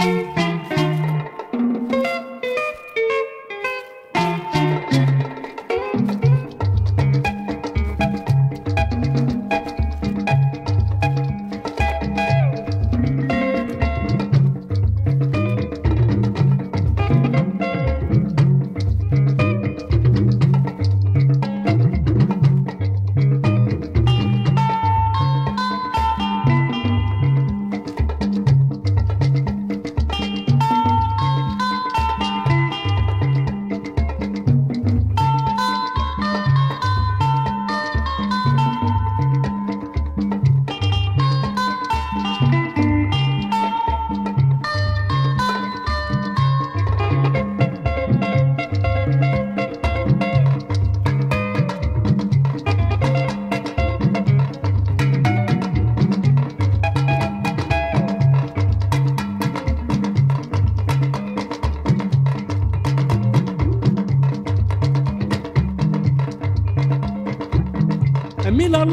Thank you.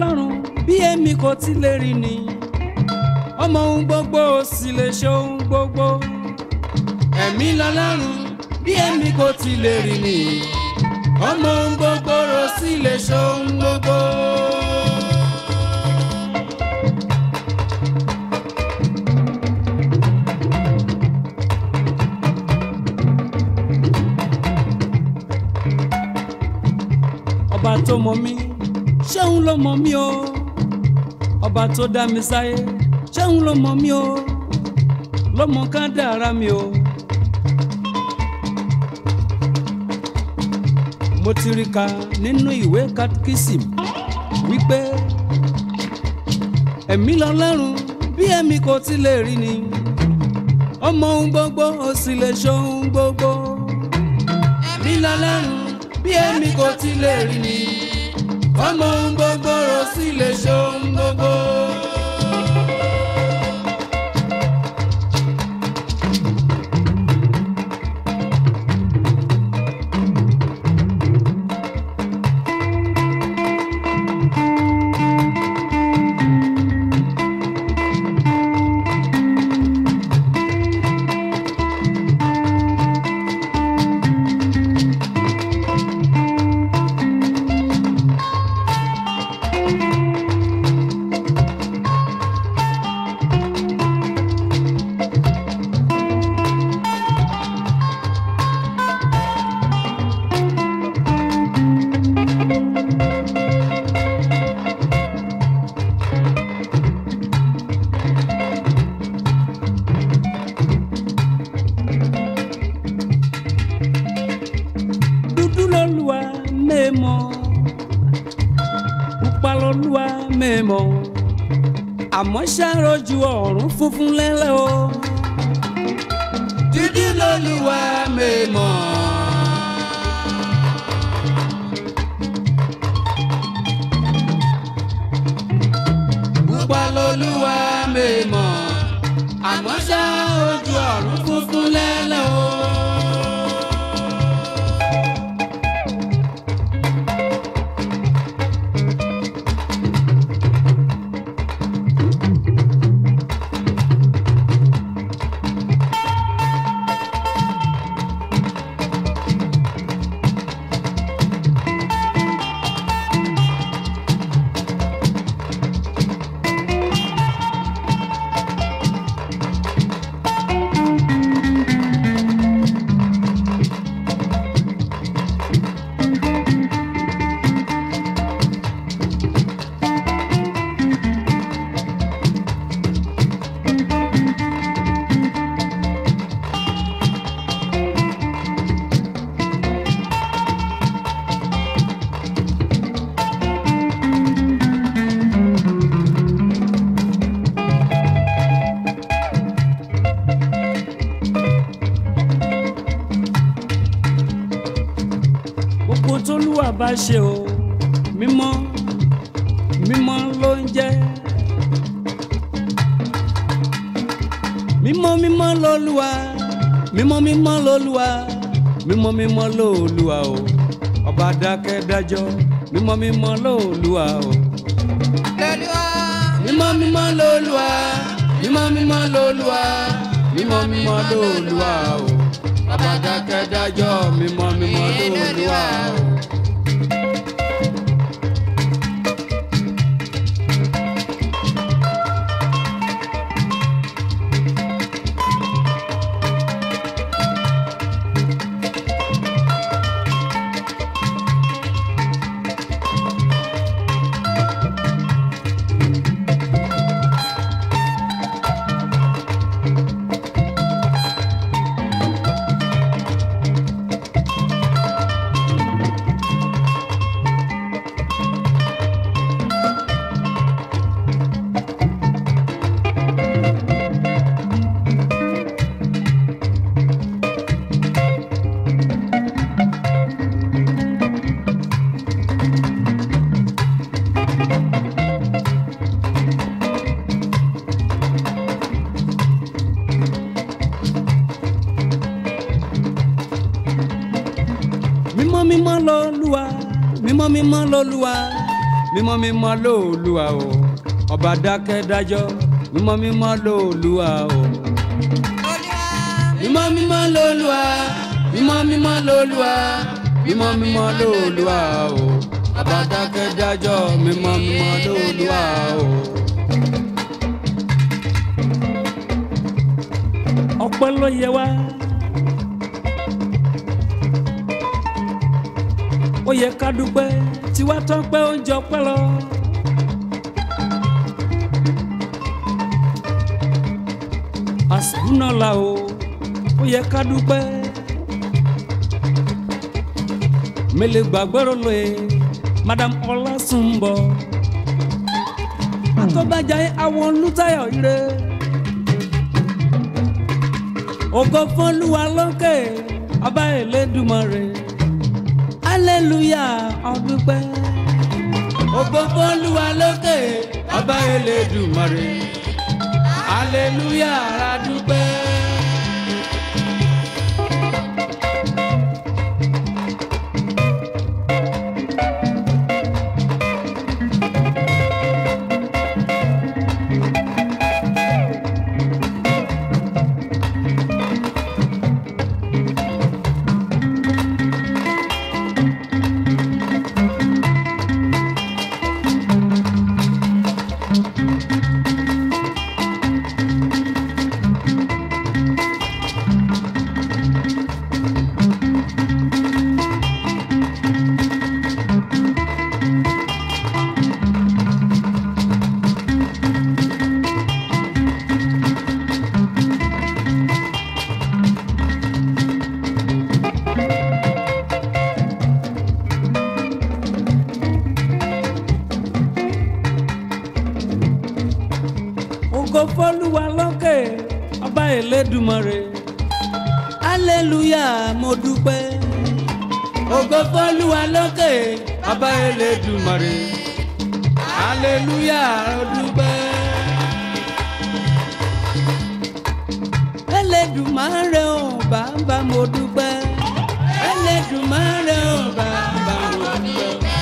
ọlọ́run bí èmi kò ti lè rí ni ọmọ ohun gbogbo ó sì lè ṣe ohun gbogbo ẹ̀mí lọ́lọ́run bí èmi kò ti lè rí ni ọmọ ohun gbogbo ó sì lè ṣe ohun gbogbo. ọba tó mọ mí ṣéun ló mọ̀ mí o ọba tó dá mi sáyé ṣéun ló mọ̀ mí o ló mọ̀ kán dá ara mi o. mo ti rí ka nínú ìwé katikísìm wípé ẹ̀mí lọ́lọ́run bí ẹ̀mí kò ti lè rí ni ó ohun gbogbo ó sì lè ṣe ohun gbogbo ẹ̀mí lọ́lọ́run bí ẹ̀mí kò ti lè rí ni ọmọ ohun gbogbo rọ sí lè ṣe ohun gbogbo. funfun lẹ́lẹ́ o. mímọ́ mímọ́ lọ́lúwa mímọ́ mímọ́ lọ́lúwa mímọ́ mímọ́ lọ́lúwa o ọba dákẹ́ dájọ́ mímọ́ mímọ́ lọ́lúwa o. lọ́lúwa. mímọ́ mímọ́ lọ́lúwa mímọ́ mímọ́ lọ́lúwa mímọ́ mímọ́ lọ́lúwa o ọba dákẹ́ dájọ́ mímọ́ mímọ́ lọ́lúwa o. mímọ́ lọ́lúwa mímọ́ mímọ́ lọ́lúwa mímọ́ mímọ́ lọ́lúwa o ọba dákẹ́ dájọ́ mímọ́ mímọ́ lọ́lúwa o. mímọ́ mímọ́ lọ́lúwa mímọ́ mímọ́ lọ́lúwa mímọ́ mímọ́ lọ́lúwa o ọba dákẹ́ dájọ́ mímọ́ mímọ́ lọ́lúwa o. ọpẹ́ ló yẹ wá. ó yẹ ká dúpẹ́ tiwa tán pé ó ń jọ pẹ́ lọ. àsìkúnà la o ó yẹ ká dúpẹ́. mele gbàgbọ́rọ̀ lóye madam ọlásùnbọ̀ àtọ́bàjá àwọn olùtayọ̀ ire ògo fún Olúwa lókè ọba Elédùmarè hallelujah ọdúpẹ́. ògbógbó olúwa lókè ọba elédùmarè hallelujah adúpẹ́. dúpẹ́ ògo fọ́lúwa lókè bàbá Elédùmarè hallelujah dúpẹ́. Elédùmarè o bàbá mo dúpẹ́ Elédùmarè o bàbá mo dúpẹ́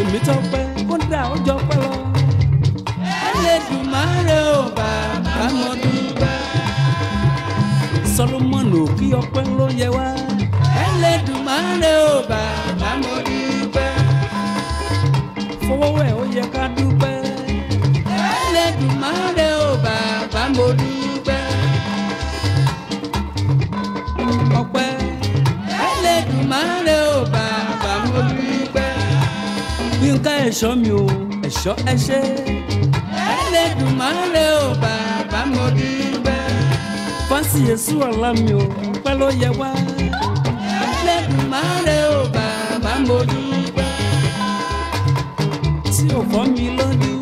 èmi tọ́pẹ́ kódà ó jọ pẹ́ lọ Elédùmarè o bàbá mo dúpẹ́. ọpẹ́ ló yẹ wá. Ẹlẹ́dùmarè o bàbá mo dúpẹ́. fọwọ́wẹ́ ó yẹ ká dúpẹ́. Ẹlẹ́dùmarè o bàbá mo dúpẹ́. ọpẹ́ Ẹlẹ́dùmarè o bàbá mo dúpẹ́. Yínká ẹ̀ṣọ́ mi o ẹ̀ṣọ́ ẹ ṣé. Ẹlẹ́dùmarè o bàbá mo dúpẹ́. fásiyèsú ọ̀la mi o ọpẹ́ ló yẹ wá. lẹ́nu máa rẹ ò bàbá mo dúpẹ́. tí ò fọ́ mi lójú.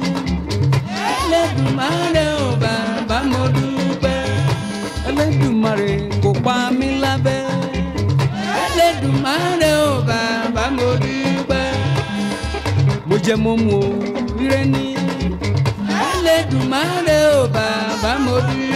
lẹ́nu máa rẹ ò bàbá mo dúpẹ́. Ẹlẹ́dùmarè kò pa mí lábẹ́. Ẹlẹ́dùmarè ò bàbá mo dúpẹ́. mo jẹ mo mu o ire ni. Ẹlẹ́dùmarè ò bàbá mo dúpẹ́.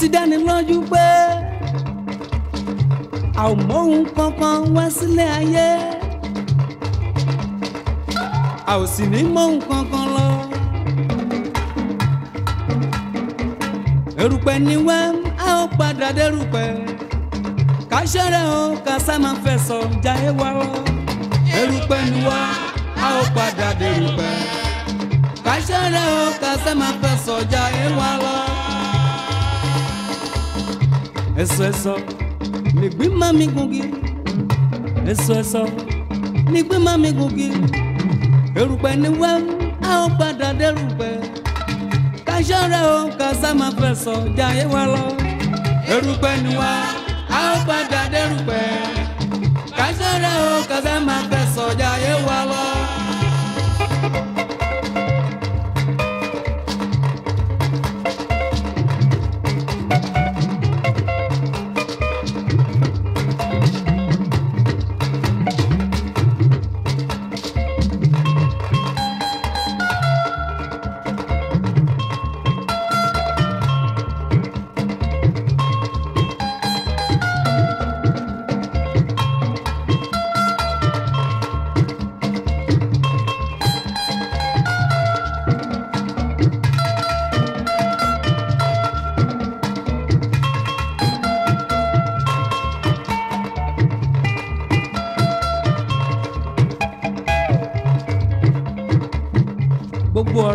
ti dáni lójú pé a ò móhun kankan wá sílé ayé a ò sì ní móhun kankan lọ. erùpẹ̀ ni wá a ó padà dérùpẹ̀ ká ṣẹ́rẹ́ o ká sá máa fẹ̀sọ̀ jayé wa o erùpẹ̀ ni wá a ó padà dérùpẹ̀ ká ṣẹ́rẹ́ o ká sá máa fẹ̀sọ̀ jayé wa eso eso nigbi ma mi gungi eso eso nigbi ma mi gungi erùpẹ̀ ni wẹ́ a o padà dẹ́rùpẹ̀ ká ṣọ́ra o ká sá máa fẹ́ sọ jayé wa lọ erùpẹ̀ ni wá a o padà dẹ́rùpẹ̀ ká ṣọ́ra o ká sá máa fẹ́ sọ wa lọ.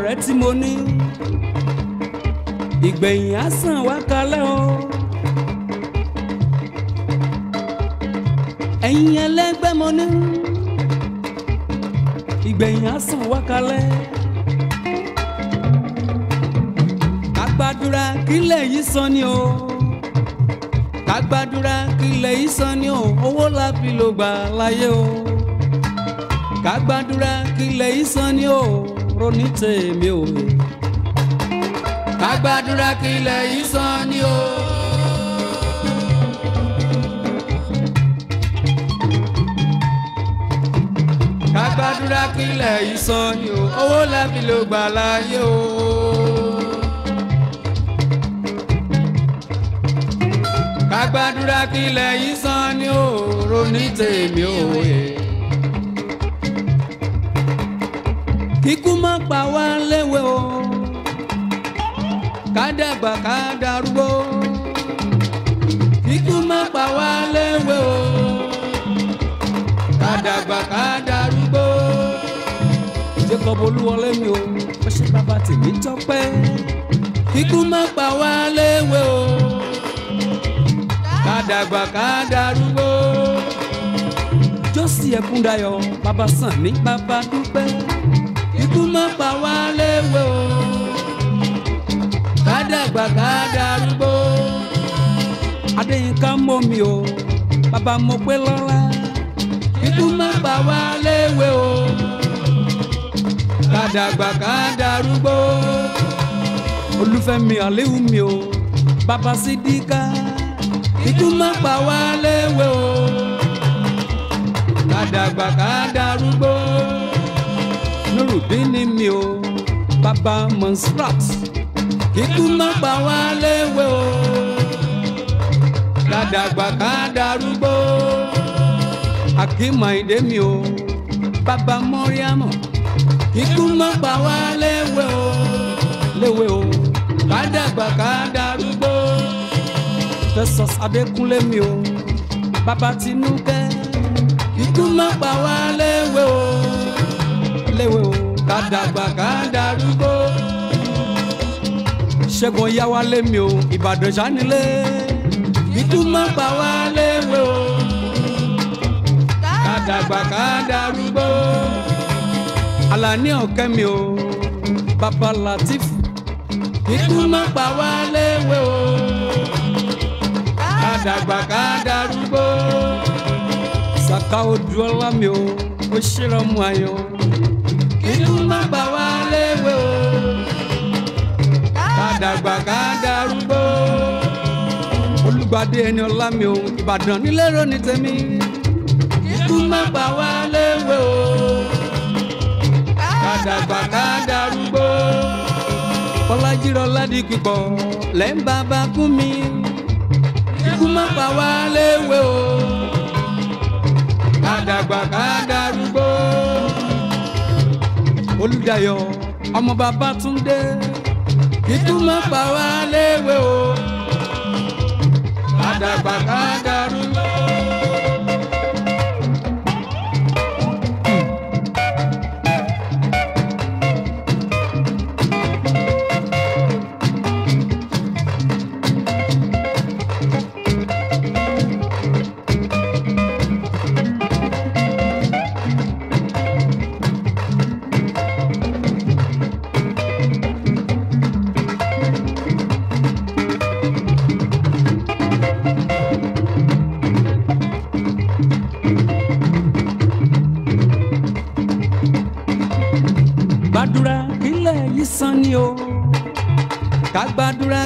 ọ̀rẹ́ tí mo ní ìgbẹ̀yìn á sàn wá kalẹ̀ o. ẹ̀yin ẹlẹ́gbẹ́ mo ní ìgbẹ̀yìn á sàn wá kalẹ̀. kagbadura kílẹ̀ yìí sọ ni o kagbadura kílẹ̀ yìí sọ ni o owó la fi lò gbà láyé o kagbadura kílẹ̀ yìí sọ ni o ro ní tèmi o. ká gbàdúrà kí ilẹ̀ yìí sàn ni o. ká gbàdúrà kí yìí sàn ni o. owó lẹ́bi ló gbà láyé o. ká gbàdúrà yìí sàn ni o ronú tèmi òye. má pa wá léwe o ká dàgbà ká darúgbó kíkú má pa wá léwe o ká dàgbà ká darúgbó Jacob Olúwọlé mi o ó ṣe bàbá tèmi tọpẹ́ kíkú má pa wá léwe o ká dàgbà jọ́sí ẹ̀kúndayọ̀ bàbá Sànní bàbá dúpẹ́. Ikú má pa wá léwe o. Ká dàgbà ká darúgbó. Adéyínká mọ̀ mi o, bàbá mo pé lọ́la. Ikú má pa wá léwe o. Ká dàgbà ká darúgbó. Olúfẹ́mi àléhùn mi o, bàbá Sídíkà. Ikú má pa wá léwe o. Ká dàgbà ká darúgbó nurudin ni mi o bàbá monsrat kíkú má pa wá léwe o kádàgbà ká darúgbó akímayinde mi o bàbá mọ́ríámọ̀ kíkú má pa wá léwe o léwe o kádàgbà ká darúgbó tẹsán adékúnlé mi o bàbá tinúkẹ́ kíkú má wá léwe o léwe o ká dàgbà ká darúgbó. ṣẹ́gun yá wa lé mi o ìbàdàn sánilé ìtumọ̀ gbà wá léwe o ká dàgbà ká darúgbó. Àlàní o bàbá Latif ìtumọ̀ gbà wá léwe o ká dàgbà ká darúgbó. Saka oduola mi o, o ṣe lọ mu ayọ̀ inú má gbà wá léwe o ká dàgbà ká darúgbó ẹni ọlá mi o Ìbàdàn nílérò ní tèmi ikú má gbà wá léwe o ká dàgbà ká darúgbó Bọ́lájírọ̀ Ládìpọ̀ lẹ́ ń bàbá kú mi ikú má gbà wá léwe o ká dàgbà olùdáyọ̀ ọmọ bàbá túndé ìtumọ̀ pàwọ́ léwe o àdàgbà ká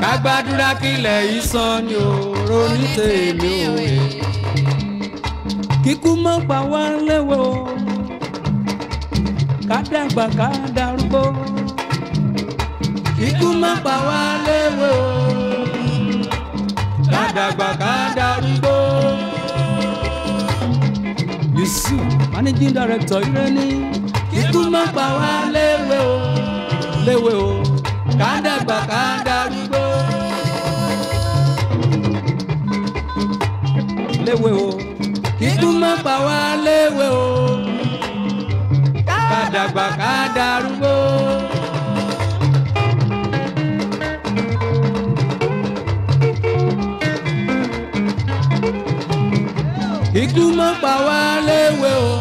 ká gbàdúrà kílẹ̀ yìí sàn ni o ronú tèmi o kíkú mọ́ pa wá léwo ká dàgbà ká darúgbó kíkú mọ́ pa wá léwo ká dàgbà ká darúgbó. Yusuf managing director Ireni kíkú mọ́ pa wá léwo o ká dàgbà ká darúgbó. gbà wá léwe o ká dàgbà ká darúgbó. ikú má gbà wá léwe o.